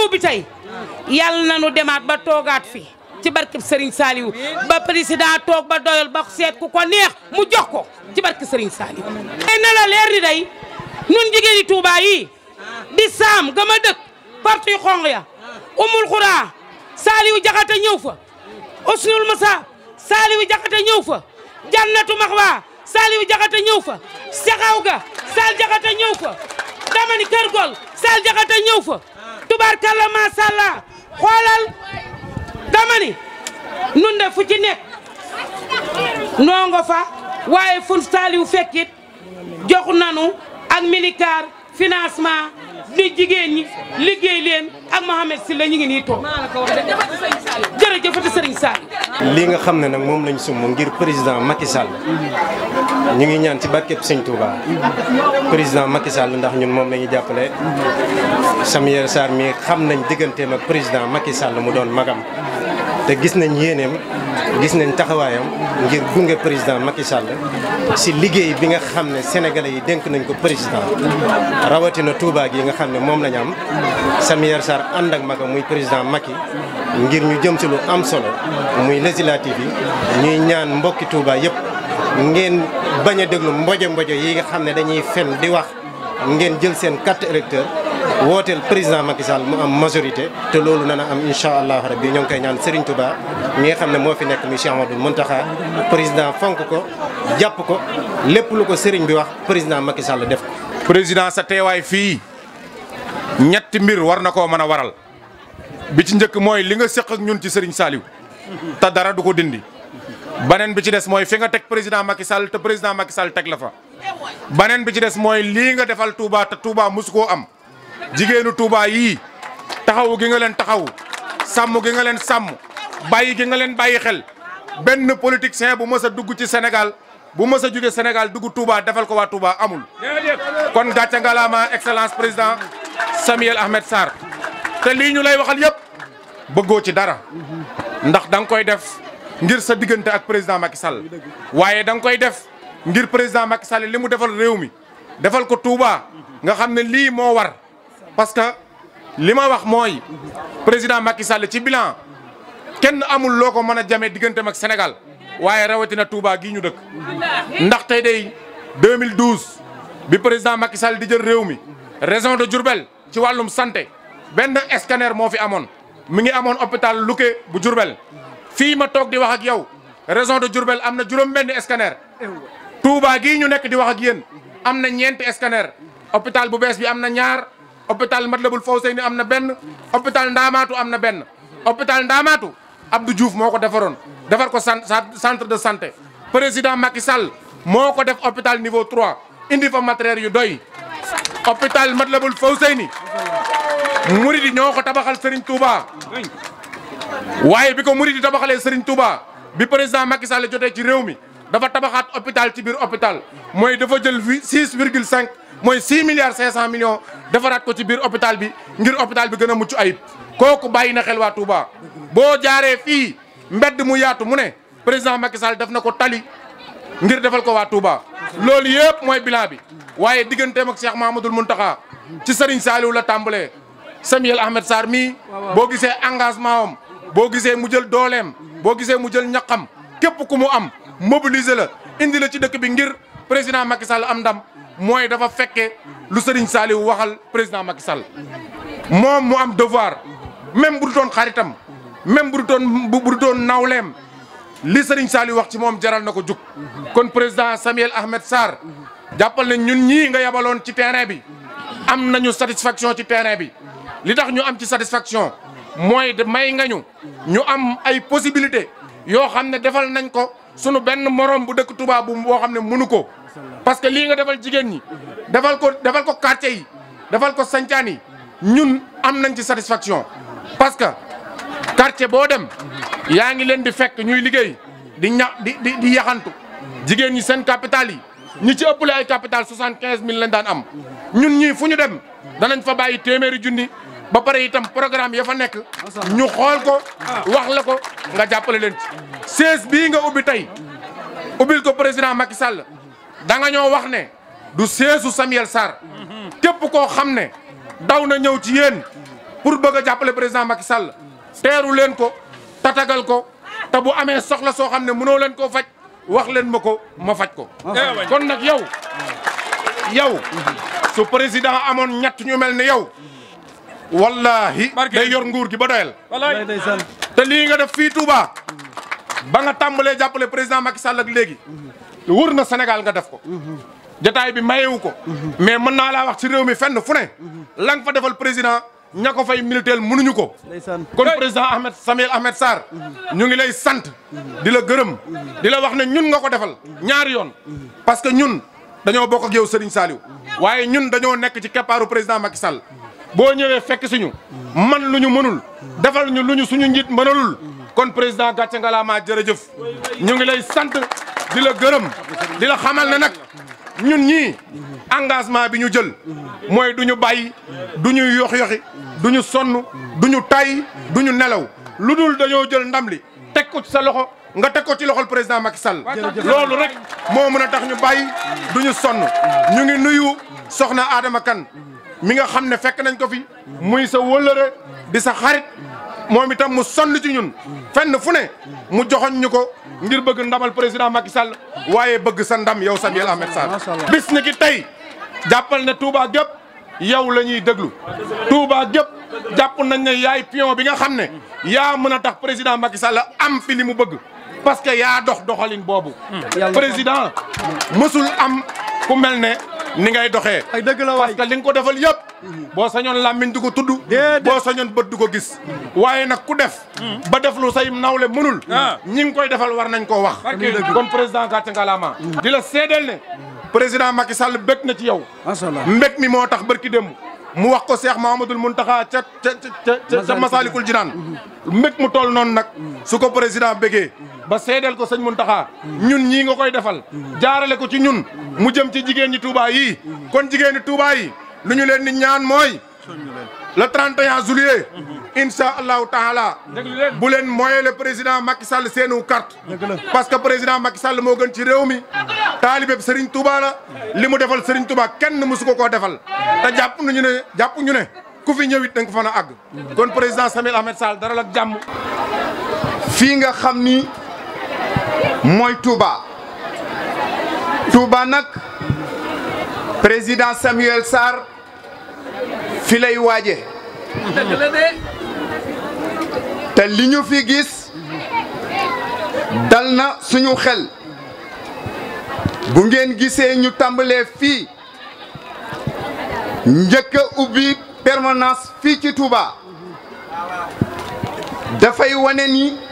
nga ubbi tey yàlla na nu demaat ba toogaat fi ci barkeb Serigne Saliou ba président toog ba doyal ba seet ku ko neex mu jox ko ci barke Serigne Saliou. tey la leer ni day nun jigéen yi Touba yi di saam gama dëkk porte yu xong ya umul xuraa Saliou Jaxate ñëw fa usnul masa Saliou Jaxate ñëw fa jannatu maxwa Saliou Jaxate ñëw fa saxaw ga Sal Jaxate ñëw fa kër gol Sal Jaxate ñëw fa tubaarkalla macha allah xoolal dama nun de fu ci nekk noo nga fa waaye fun saaliw fekkit jox nanu ak milikaar financement li jigéen ñi liggéey leen ak Mohamed Sylla ngi nii toog jërëjëfati Serigne Sall. lii nga xam ne nag moom lañ sumb ngir président Macky Sall ñu ngi ñaan ci barkeb Sëñ Touba président Macky Sall ndax ñun moom la jàppale Samuel Sarr mi xam nañ digganteem ak président Macky Sall mu doon magam te gis nañ yéeneem gis nañ taxawaayam ngir gunge président Macky Sall si liggéey bi nga xam ne sénégalais yi denk nañ ko président rawatina Touba gi nga xam ne moom lañ am Samir Sarr ànd ak magam muy président Macky ngir ñu jëm si lu am solo muy législative yi ñuy ñaan mbokki Touba yëpp ngeen bañ a déglu mboje mbojo yi nga xam ne dañuy fen di wax ngeen jël seen carte électeur wooteel président Macky Sall mu am majorité te loolu nana am incha allah rabbi ñoo ngi koy ñaan Serigne Touba mi nga xam ne moo fi nekk muy Cheikh Amadou Mountakha président fonk ko jàpp ko lépp lu ko Serigne bi wax président Macky Sall def président sa teewaay fii ñetti mbir war na koo mën a waral bi ci njëkk mooy li nga sëq ak ñun ci Serigne Saliou te dara du ko dindi. baneen bi ci des mooy fi nga teg président Macky Sall te président Macky Sall teg la fa baneen bi ci des mooy lii nga defal Touba te Touba mosu koo am. jigéenu Touba yii taxawu gi nga leen taxawu sàmm gi nga leen sàmm bàyyi gi nga leen bàyyi xel benn politicien bu mës a dugg ci Sénégal bu mës a jóge Sénégal dugg Touba defal ko waa Touba amul. kon gàcce ngalaama excellence président Samuel Ahmed Sarr te lii ñu lay waxal yëpp bëggoo ci dara ndax da nga koy def ngir sa diggante ak président Macky Sall waaye da nga koy def ngir président Macky Sall li mu defal réew mi defal ko Touba nga xam ne lii moo war. parce que li ma wax mooy président Macky Sall ci bilan kenn amul loo ko mën a jamee diggante ak Sénégal waaye rawatina Touba gii ñu dëkk ndax tey day 2012 bi président Macky Sall di jël réew mi résion de Diourbel ci wàllum santé benn scanner moo fi amoon mi ngi amoon hôpital Louké bu Diourbel fii ma toog di wax ak yow région de Diourbel am na juróom benn scanner Touba gii ñu nekk di wax ak yéen am na ñeenti scanner hôpital bu bees bi am na ñaar mat hôpital Matlaboul ni am na benn hôpital Ndaamaatu am na benn hôpital Ndaamaatu Abdou Diouf moo ko defaroon defar ko centre de santé président Macky Sall moo ko def hôpital niveau 3 indi fa matériel yu doy hôpital Matlaboul Fawzeyni murid yi ñoo ko tabaxal Serigne Touba waaye bi ko muri yi tabaxalee Serigne Touba bi président Macky Sall jotee ci réew mi dafa tabaxaat hôpital ci biir hôpital mooy dafa jël six virgule cinq mooy 6 milliards 500 millions defaraat ko ci biir hôpital bi ngir hôpital bi gën a mucc ayib kooku bàyyi na xel waa Touba boo jaaree fii mbedd mu yaatu mu ne président Macky Sall def na ko tali ngir defal ko waa Touba. loolu yëpp mooy bilan bi waaye digganteem ak Cheikh Mahamadoul Mountakha ci Serigne Saliou la tàmbalee Samuel Ahmed Sarr mii boo gisee engagement boo gisee mu jël dooleem boo gisee mu jël ñax am képp ku mu am mobiliser la indi la ci dëkk bi ngir président Macky Sall am ndam. mooy dafa fekke lu Serigne Saliou waxal président Macky Sall moom mu am devoir même bu du doon xaritam même bu du doon bu du doon nawleem li Serigne Saliou wax ci moom jaral na ko jug kon président Samuel Ahmed Sarr jàppal ne ñun ñii nga yabaloon ci terrain bi am nañu satisfaction ci terrain bi li tax ñu am ci satisfaction mooy may nga ñu ñu am ay possibilité yoo xam ne defal nañ ko sunu benn morom bu dëkk Touba bu xam ne mënu ko parce que lii nga defal jigéen ñi defal ko defal ko quartier yi defal ko sancaan yi ñun am nañ ci satisfaction parce que quartier boo dem yaa ngi leen di fekk ñuy liggéey di ña di di di yaxantu jigéen ñi seen capital yi ñu ci ëppale ay capital soixante quinze mille daan am ñun ñii fu ñu dem danañ fa bàyyi téeméeri junni ba pare itam programme ya fa nekk ñu xool ko wax la ko nga jàppale leen ci bii nga ubbi tey ubbil ko président Macky Sall da nga ñoo wax ne du seesu Samuel Sarr képp koo xam ne daw na ñëw ci yéen pour bëgg a jàppale président Macky Sall teeru leen ko tatagal ko te bu amee soxla soo xam ne mënoo leen koo faj wax leen ma ko ma faj ko kon nag yow yow su président amoon ñett ñu mel ne yow wallaahi day yor nguur gi ba doyal te lii nga def fii Touba ba nga tàmbalee jàppale président Macky Sall ak léegi wër na Sénégal nga def ko jataay bi mayewu ko mais mën naa laa wax ci réew mi fenn fu ne la nga fa defal président ña ko fay militaire mënuñu ko kon président Ahmed Samuel Ahmed Sarr ñu ngi lay sant di la gërëm di la wax ne ñun nga ko defal ñaari yoon parce que ñun dañoo bokk ak yow Serigne Saliou waaye ñun dañoo nekk ci keppaaru président Macky Sall boo ñëwee fekk suñu man lu ñu mënul defal lu ñu suñu njiit mënalul kon président gàcce jërëjëf ñu ngi lay sant di la gërëm di la xamal ne nag ñun ñii engagement bi ñu jël mooy du ñu bàyyi du ñu yox-yoxi du ñu sonn du ñu tay du ñu nelaw lu dul dañoo jël ndam li teg ko ci sa loxo nga teg ko ci loxol président Macky Sall loolu rek moo mën a tax ñu bàyyi du ñu sonn ñu ngi nuyu soxna Adama Kane mi nga xam ne fekk nañ ko fi muy sa wëllëre di sa xarit moom itam mu sonn ci ñun fenn fu ne mu joxoñ ñu ko ngir bëgg ndamal président Macky Sall waaye bëgg sa ndam yow Samuel Ahmed Sarr bis ni ki tey jàppal ne Touba gépp yow la ñuy déglu Touba gépp jàpp nañ ne yaay pion bi nga xam ne yaa mën a tax président Macky Sall am fi li mu bëgg parce que yaa dox doxalin boobu président mësul am ku mel ne ni ngay doxee. ay dëgg la waay parce que li nga defal yëpp. Mhm. boo sañoon làmmiñ du ko tudd. boo sañoon bët du ko gis. Mhm. waaye nag ku def. Mhm. ba def lu say nawle mënul. Ah. ñi ngi koy defal war nañ koo wax. kon président gàcce ngalaama. di la seedeel ne. président Macky Sall bëgg na ci yow. macha allah mbëgg mi moo tax barki démb. mu wax ko Cheikh Mahamadul Muntaxa ca ca ca ca Masalikul Jinaan mbëgg mu toll noonu nag. su ko président bëggee. ba seedeel ko sëñ Muntaxa ñun ñii nga koy defal jaarale ko ci ñun mu jëm ci jigéen ñi Touba yi kon jigéen ñi Touba yi lu ñu leen di ñaan mooy le 31 juillet incha allahu taala bu leen mooyee le président Macky Sall seenu carte parce que président Macky Sall moo gën ci réew mi taalibe Serigne Touba la li mu defal Serigne Touba kenn mosu ko koo defal te jàpp nañu ne jàpp ñu ne ku fi ñëwit da nga ko fan a àgg kon président Samuel Ahmed Sall dara la jàmm fii ni mooy Touba Touba nag président Samuel Sarr filay waaje te li ñu fi gis dal na suñu xel bu ngeen gisee ñu tàmbalee fii njëkka ubbi permanence fii ci Touba dafay wane ni.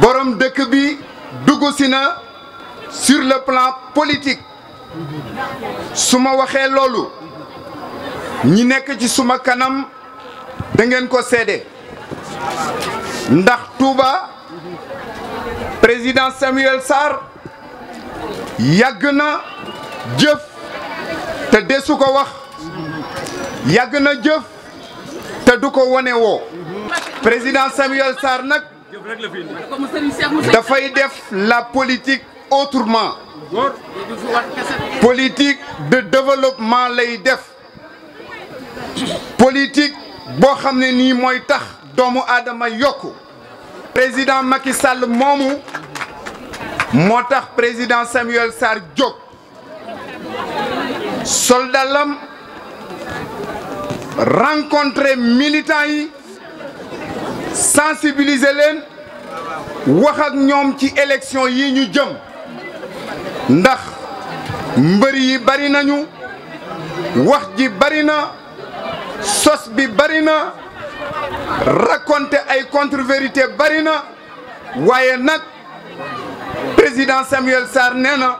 borom dëkk bi dugg si na sur le plan politique suma waxee loolu ñi nekk ci suma kanam da ngeen ko seede ndax Touba président Samuel Sarr yàgg na jëf te desu ko wax yàgg na jëf te du ko wone woo président Samuel Sarr nag dafay def la politique autrement politique de développement lay def politique boo xam ne nii mooy tax doomu aadama yokk président Macky Sall moomu moo tax président Samuel Sarr jóg soldalam rencontré militants yi sensibilisé leen wax ak ñoom ci élection yi ñu jëm ndax mbër yi bari nañu wax ji bari na sos bi bari na raconter ay contre-vérité bari na waaye nag président Samuel Sarr nee na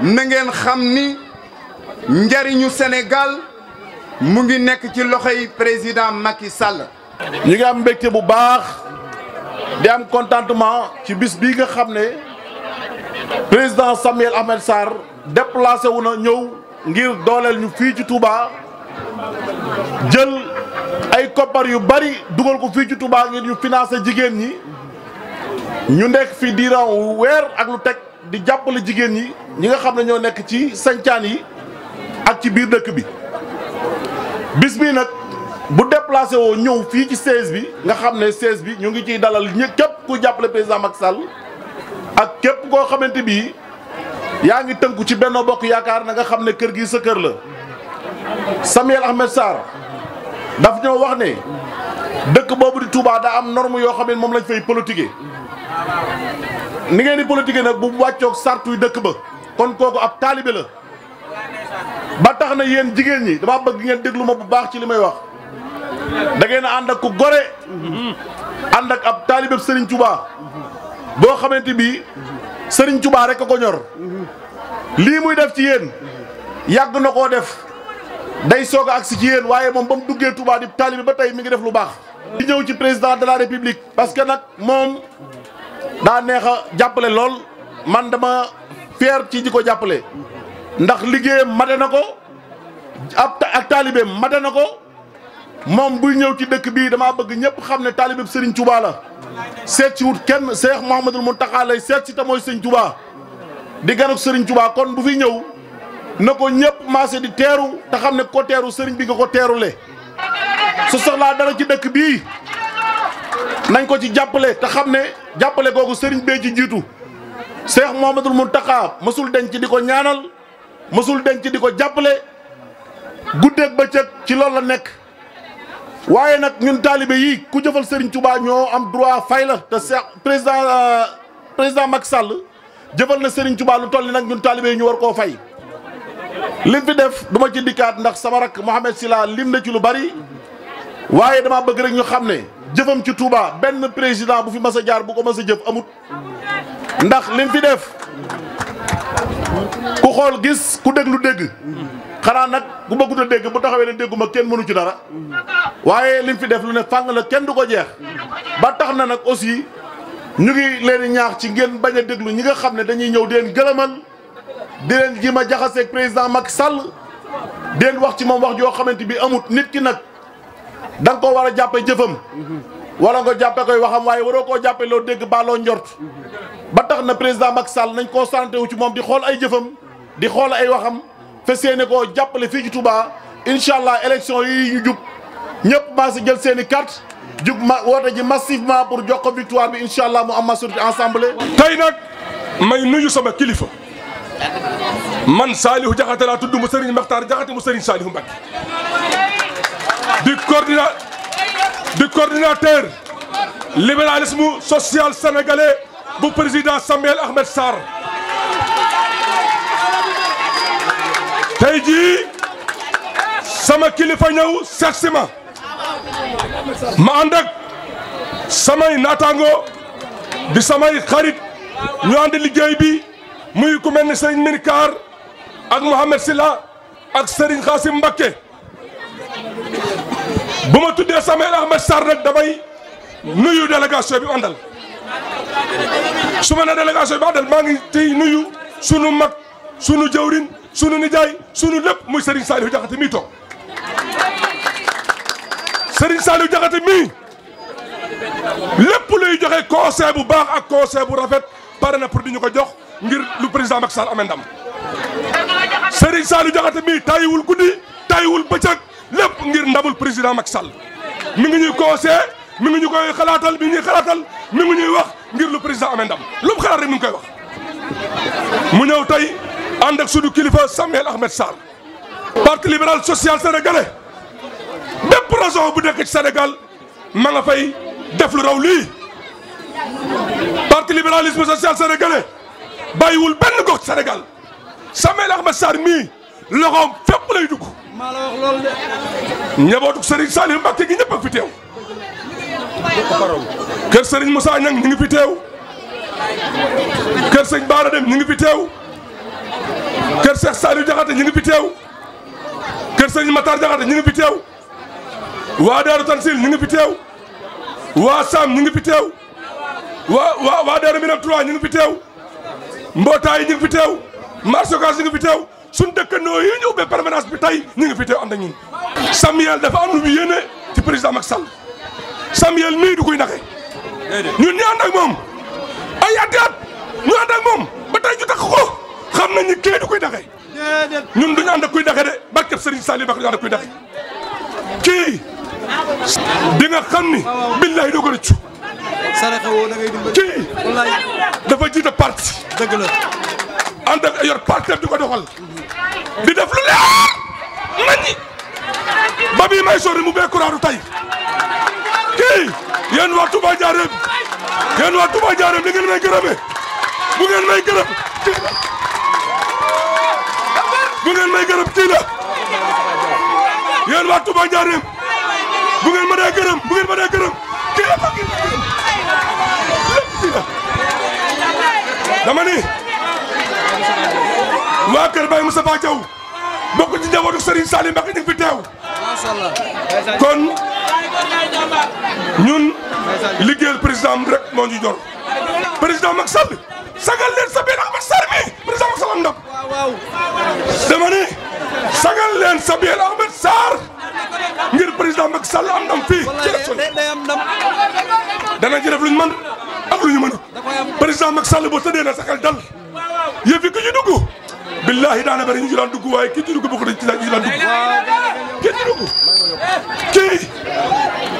na ngeen xam ni njariñu senegal mu ngi nekk ci loxo yi président Macky sàll ñu ngi am mbekke bu baax di am contentement ci bis bii nga xam ne président Samuel Ahmed Sarr déplacé wu na ñëw ngir dooleel ñu fii ci Touba jël ay koppar yu bari dugal ko fii ci Touba ngir ñu financé jigéen ñi ñu nekk fi diiran weer ak lu teg di jàppale jigéen ñi ñi nga xam ne ñoo nekk ci sancaan yi ak ci biir dëkk bi bis bii nag bu déplacé woo ñëw fii ci siège bi nga xam ne siège bi ñu ngi ciy dalal ñë képp ku jàppale président Macky Sall ak képp koo xamante bii yaa ngi tënku ci Benno Bokk Yaakaar na nga xam ne kër gi sa kër la Samuel Ahmed Sarr daf ñoo wax ne dëkk boobu di Touba daa am norme yoo xam ne moom lañ fay politiquer ni ngeen di politiquer nag bu wàccoog sartuy dëkk ba kon kooku ab taalibe la ba tax na yéen jigéen ñi dama bëgg ngeen déglu ma bu baax ci li may wax dangeen a ànd ak ku gore ànd ak ab taalibe sëriñ Touba boo xamante bi Serigne Touba rekk a ko ñor lii muy def ci yéen yàgg na koo def day soog ak si ci yéen waaye moom ba mu duggee Touba di taalibe ba tey mi ngi def lu baax. di ñëw ci président de la république. parce que nag moom daa neex a jàppale lool man dama fier ci di ko jàppale ndax liggéeyam mate na ko ab ak taalibeem mate na ko. moom buy ñëw ci dëkk bii damaa bëgg ñëpp xam ne taalibeb Serigne Touba la seet si wut kenn Cheikh Mouhamadul Mountakha lay seet si te mooy Serigne di ganuk Serigne Touba kon bu fi ñëw na ko ñëpp maase di teeru te xam ne ko teeru sëriñ bi nga ko teerule su soxlaa dara ci dëkk bii nañ ko ci jàppale te xam ne jàppale googu sëriñ bee ci jiitu Cheikh Mouhamadul Mountakha mësul denc di ko ñaanal mësul denc di ko jàppale guddeeg bëccëg ci loolu la nekk. waaye nag ñun taalibe yi ku jëfal Serigne Touba ñoo am droit fay la te se président euh, président Macky Sall jëfal na Serigne Touba lu toll ni nag ñun taalibe yi ñu war koo fay. lim fi def du ci dikkaat ndax sama rak Mouhamed Sila lim na ci lu bari waaye damaa bëgg rek ñu xam ne jëfam ci Touba benn président bu fi mas a jaar bu ko mas a jëf amut ndax lim fi def. ku xool gis ku déglu dégg xanaa nag bu bëggut a dégg bu taxawee ne dégguma kenn mënu ci dara waaye lim fi def lu ne fàng la kenn du ko jeex ba tax na nag aussi ñu ngi leen ñaax ci ngeen bañ a déglu ñi nga xam ne dañuy ñëw di leen gëlëmal di leen ji ma jaxaseeg président mag Sall di leen wax ci moom wax joo xamante bi amut nit ki nag danga ko war a jàppe jëfam wala nga jàppe koy waxam waaye waroo koo jàppe loo dégg baa loo njort ba tax na président Macky Sall nañ concentré wu ci moom di xool ay jëfam di xool ay waxam fas yéene koo jàppale fii ci Touba incha allah élection yi ñu jub ñëpp maa si jël seeni i carte jub ma woote ji massivement pour jox ko victoire bi incha allah mu am ma majorité ensemble tey nag may nuyu sama kilifa man Saliou Diakhaté laa tudd mu Serigne Makhtar Diakhaté mu Serigne Saliou Mbacké di coordinateur di coordinateur libéralisme social sénégalais bu président Samuel Ahmed Sarr tey jii sama kilifa ñëw seet si ma ma ànd samay naataango di samay xarit ñu ànd liggéey bi muy ku mel ni Serigne Minkaar ak Mouhamed Silla ak Serigne Xaasim Mbakke bu ma tuddee Samuel Ahmed Sarr nag damay nuyu délégation bi àndal su ma ne délégation bi àndal maa ngi tey nuyu sunu mag sunu jëwrin sunu nijaay sunu lépp muy Serigne Saliou Diakhaté mii toog Serigne Saliou Diakhaté mii lépp luy joxe conseil bu baax ak conseil bu rafet pare na pour di ñu ko jox ngir lu président Macky Sall amee ndam Serigne Saliou Diakhaté mii tàyyiwul guddi tàyyiwul bëccëg. lépp ngir ndamul président Macky Sall mi ngi ñuy conseillé mi ngi ñu koy xalaatal mi ñuy xalaatal ngi ñuy wax ngir lu président amee ndam lu mu xalaat rek mi ngi koy wax. mu ñëw tey ànd ak kilifa Samuel Ahmed Sarr. parti libéral social sénégalais bépp raison bu nekk ci Sénégal ma nga fay def lu raw lii. parti libéralisme social sénégalais bàyyiwul benn gox Sénégal Samuel Ahmed Sarr mii loxoom fépp lay dugg. maa la wax loolu gi ñëpp a fi teew. kër Serigne Moussa Niang ñu ngi fi teew. kër Serigne Bara Dem ñu ngi fi teew. kër Cheikh Saliou Diakhaté ñu ngi fi teew. kër Serigne Matar Diakhaté ñu ngi fi teew. waa Daaru Tansil ñu ngi fi teew. waa Sam ñu ngi fi teew. waa waa waa Daaru Minam 3 ñu ngi fi teew. mbootaay yi ñu fi teew. marché Ocass ñu ngi suñ dëkkandoo yi ñëw ba permanence bi tey ñu ngi fi teew ànd ak Samuel dafa am lu mu yéene ci président Macky Sall Samuel mii du koy naxe ñun ñu ànd ak moom ay at at ñu ànd ak moom ba tey ñu takk ko xam nañ ni kii du koy naxe ñun duñu ànd ak kuy naxe de barkeb Serigne Saliou Mbacké du ñu ànd ak kuy naxe kii di nga xam ni billahi doo ko kii dafa jiite parti dëgg la ànd ak yor partenaire di ko doxal def lu leer naññi ba bii may sori mu bee kuraaru tay kii yéen waa Touba Ndiarème yéen waa Touba Ndiarème li ngeen bu ngeen may gërëm tii la bu ngeen bu ngeen gërëm bu ngeen ma dee gërëm la ma ni waa kër Baye Moustapha Thiaw bokk ci njabootu Serigne Salim Mbacké ñu ngi fi teew kon ñun liggéeyal président am rek moo ñu jor président Macky Sall sagal leen sa biir Ahmed Sarr mi président Macky Sall am ndam dama sagal leen sa biir Ahmed ngir président Macky Sall am ndam fii ci élection dana jërëf luñ mën ak lu ñu mën président Macky Sall boo tëddee na dal billahi daana bari ñu ci daan dugg waaye kii ci dugg bokk nañ ci ñu daan dugg kii ci dugg kii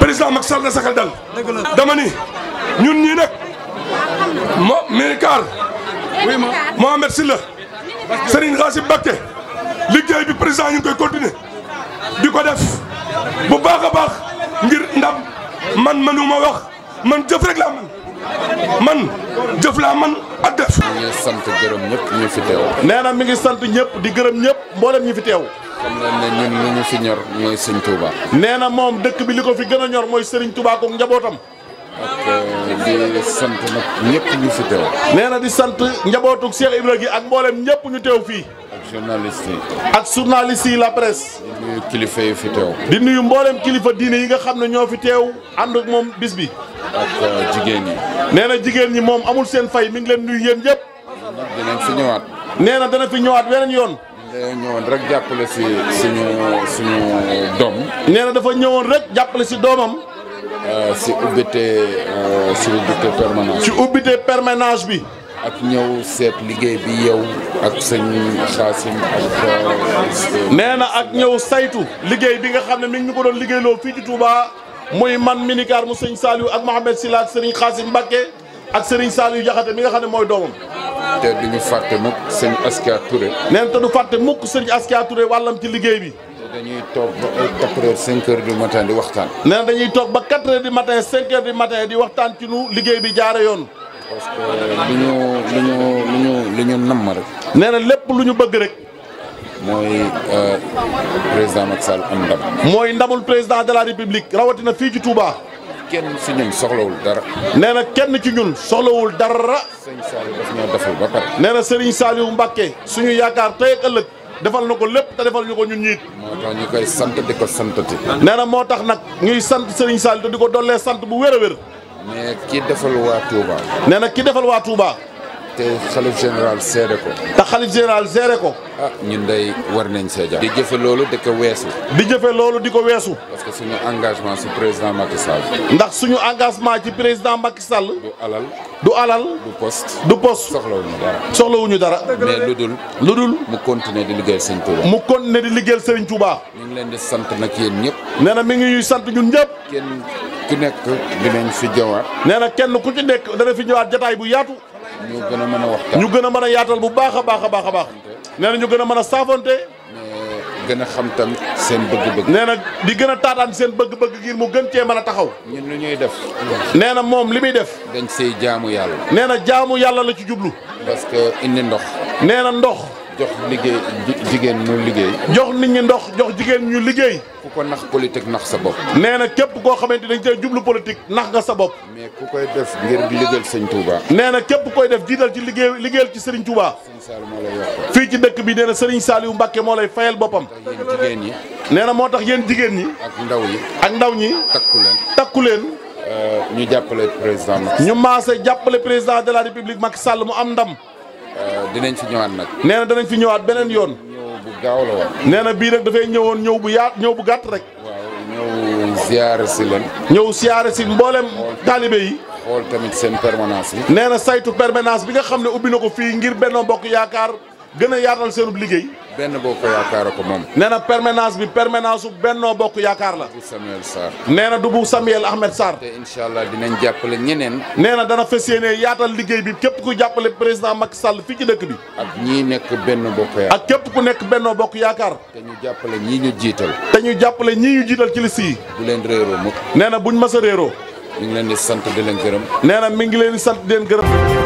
président Macky Sall na saxal dal dama ni ñun ñii nag mo Minicar Mohamed Sylla Serigne Khassim Mbacké liggéey bi président ñu ngi koy continuer di ko def bu baax a baax ngir ndam man ma wax man jëf rek laa man man jëf laa man ak def. mi ngi sant gërëm ñëpp ñu fi teew. nee na mi ngi sant ñëpp di gërëm ñëpp mboolem ñu fi teew. xam ñu fi ñor mooy Serigne Touba. nee na moom dëkk bi li ko fi gën a ñor mooy Serigne Touba ko njabootam. ak euh, di sant nag ñëpp ñu fi teew. nee na di sant njabootu Cheikh Ibrahima gi ak mboolem ñëpp ñu teew fii. journaliste yi. ak journaliste yi la presse. di nuyu kilifa yi fi teew. di nuyu mboolem kilifa diine yi nga xam ne ñoo fi teew ànd ak moom bis bi. ak euh, jigéen ñi. nee na jigéen ñi moom amul seen fay mi ngi leen nuyu yéen yëpp. dinañ fi nee na dana fi ñëwaat weneen yoon. dañoo ñëwoon rek jàppale si suñu suñu doom. nee na dafa ñëwoon rek jàppale si doomam. Euh, si ubbite euh, si ubbite permanence. ci ubbite permanence bi. ak ñëw seet liggéey bi yow ak sëñ Xaasim ak. nee na ak ñëw saytu liggéey bi nga xam ne mi ngi ñu ko doon liggéeyloo fii ci Touba muy man minicar mu sëñ Saliou ak Mohamed Sylla ak sëriñ Xaasim Mbacké ak sëriñ Saliou Diakhaté mi nga xam ne mooy doomam. te du ñu fàtte mukk sëñ Askia Touré. nee na te du fàtte mukk sëñ Askia Touré wàllam ci liggéey bi. dañuy toog ba ay 4 heures 5 du matin di waxtaan. nee dañuy toog ba 4 heures du matin 5 heures du di waxtaan ci nu liggéey bi jaare yoon. parce que lu ñu lu ñu lu ñu lu ñu namm rek. nee na lépp lu ñu bëgg rek. mooy euh, président Macky Sall am ndam. mooy ndamul président de la république rawatina fii ci Touba. kenn si ñun soxlawul dara. nee na kenn ci ñun soxlawul dara. sëñ Saliou daf ñoo defal ba pare. nee na Serigne Saliou Mbacke suñu yaakaar tey ak ëllëg. defal na ko lépp te defal ñu ko ñun ñiit moo tax ñu koy sant di ko santati. nee na moo tax nag ñuy sant Serigne Saliou te di ko dollee sant bu wér a wér. mais kii defal waa Touba. nee na ki defal waa Touba. te xalif général seere ko. te xalif général seere ko. ah ñun day war nañ see jàpp. di jëfe loolu di ko weesu. di jëfe loolu di ko weesu. parce que suñu engagement si président Macky Sall. ndax suñu engagement ci président Macky Sall. du alal. du alal. du poste. du poste soxlawuñu dara. soxlawuñu dara. mais lu dul. lu dul mu continuer di liggéeyal Serigne Touba. mu continuer di liggéeyal Serigne Touba. ñu ngi leen di sant nag yéen ñëpp. nee na mi ngi sant ñun ñëpp. kenn. ci nekk dinañ fi jëwaat. nee na kenn ku ci nekk dana fi ñëwaat jataay bu yaatu. ñu gën mën a waxtaan ñu gën a mën yaatal bu baax a baax a baax a baax. nee na ñu gën a mën a saafonte. gën a xam tamit seen bëgg-bëgg. nee na di gën a taataan seen bëgg-bëgg ngir mu gën cee mën a taxaw. ñun lu ñuy def. nee na moom li muy def. dañ say jaamu yàlla. nee na jaamu yàlla la ci jublu. parce indi ndox. nee ndox. jox liggéey jigéen mu liggéey. jox nit ñi ndox jox jigéen ñu liggéey. ku ko nax politique nax sa bopp. nee na képp koo xamante dañ cee jublu politique nax nga sa bopp. mais ku koy def ngir liggéel sëñ Touba. nee na képp koy def jiital ci liggéey liggéeyal ci Serigne Touba. fii ci dëkk bi nee na Serigne Saliou Mbacke moo lay fayal boppam. jigéen ñi. nee na moo tax yéen jigéen ñi. ak ndaw ñi. ak ndaw ñi. takku leen takku leen. Euh, ñu jàppale président. ñu maase jàppale président de la république Macky Sall mu am ndam Euh, dinañ fi ñëwaat nag. nee na danañ fi ñëwaat beneen yoon. ñëw bu gaaw la woon. nee na bii nag dafay ñëwoon ñëw bu yaat ñëw bu gàtt rek. waaw ñëw ziare si leen. ñëw ziare si mboolem. taalibe yi. xool tamit seen permanence yi. nee na saytu permanence bi nga xam ne ubbi na ko fii ngir benn Bokk Yaakaar. gën a yaatal seenub liggéey. benn bokk yaakaar ko moom. nee na permanence bi permanence su bennoo bokk yaakaar la. bu Samuel nee na du bu Samuel Ahmed Sarr. te incha allah dinañ jàppale ñeneen. nee na dana fas yéene yaatal liggéey bi képp ku jàppale président Macky Sall fii ci dëkk bi. ak ñii nekk benn bokk yaakaar. ak képp ku nekk bennoo bokk yaakaar. te ñu jàppale ñii ñu jiital. te ñu jàppale ñii ñu jiital ci liste yi. bu leen réeroo mukk. nee na buñ mës a réeroo. mi ngi leen di sant di leen gërëm. nee na mi ngi leen sant leen gërëm.